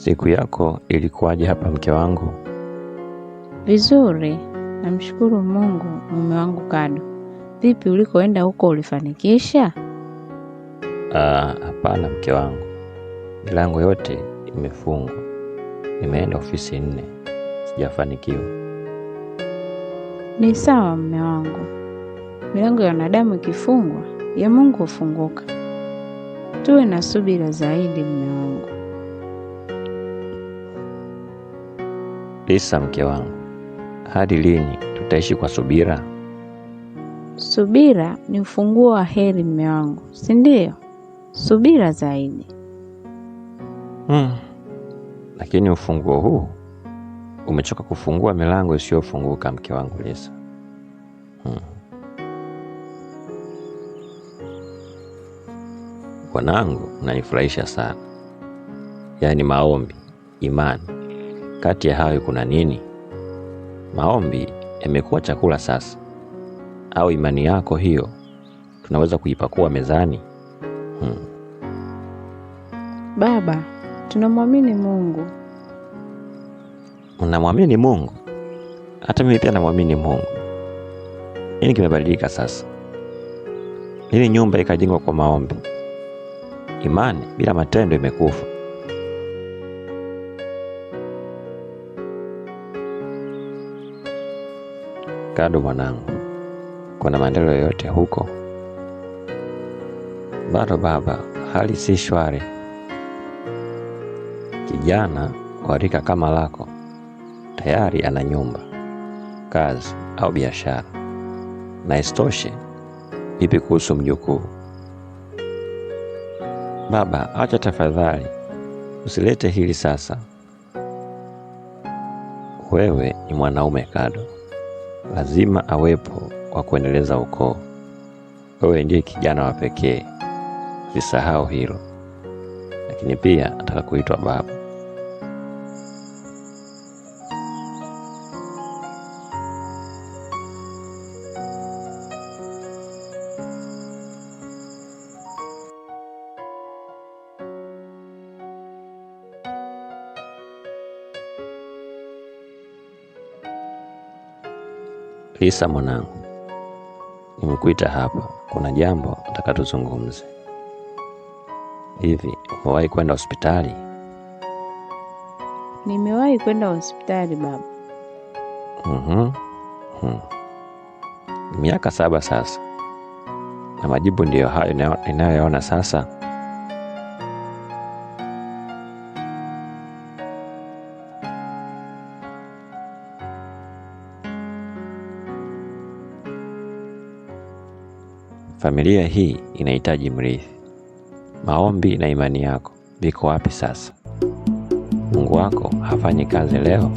Siku yako ilikuwaje hapa mke wangu? Vizuri, namshukuru Mungu. Mume wangu Kado, vipi ulikoenda huko ulifanikisha? Ah, hapana mke wangu, milango yote imefungwa. Nimeenda ofisi nne, sijafanikiwa. Ni sawa mume wangu, milango ya wanadamu ikifungwa ya Mungu hufunguka. Tuwe na subira zaidi mume wangu. Lisa, mke wangu, hadi lini tutaishi kwa subira? Subira ni ufunguo wa heri, mme wangu, si ndio? Subira zaidi. Hmm. Lakini ufunguo huu umechoka kufungua milango isiyofunguka, mke wangu Lisa. Hmm. Bwanangu, unanifurahisha sana, yaani maombi, imani kati ya hayo kuna nini? Maombi yamekuwa chakula sasa, au imani yako hiyo tunaweza kuipakua mezani? Hmm. Baba, tunamwamini Mungu. Unamwamini Mungu? Hata mimi pia namwamini Mungu. Nini kimebadilika sasa? Hili nyumba ikajengwa kwa maombi. Imani bila matendo imekufa. Kado mwanangu, kuna maendeleo yoyote huko? Bado baba, hali si shwari. Kijana wa rika kama lako tayari ana nyumba, kazi au biashara, na isitoshe, vipi kuhusu mjukuu? Baba, acha tafadhali, usilete hili sasa. Wewe ni mwanaume Kado lazima awepo wa kuendeleza ukoo. Wewe ndiye kijana wa pekee, usisahau hilo. Lakini pia ataka kuitwa baba. Lisa, mwanangu, nimekuita hapa, kuna jambo nataka tuzungumze. Hivi umewahi kwenda hospitali? Nimewahi kwenda hospitali baba. mm-hmm. hmm. Miaka saba sasa, na majibu ndiyo hayo ninayoona sasa. Familia hii inahitaji mrithi. Maombi na imani yako viko wapi sasa? Mungu wako hafanyi kazi leo?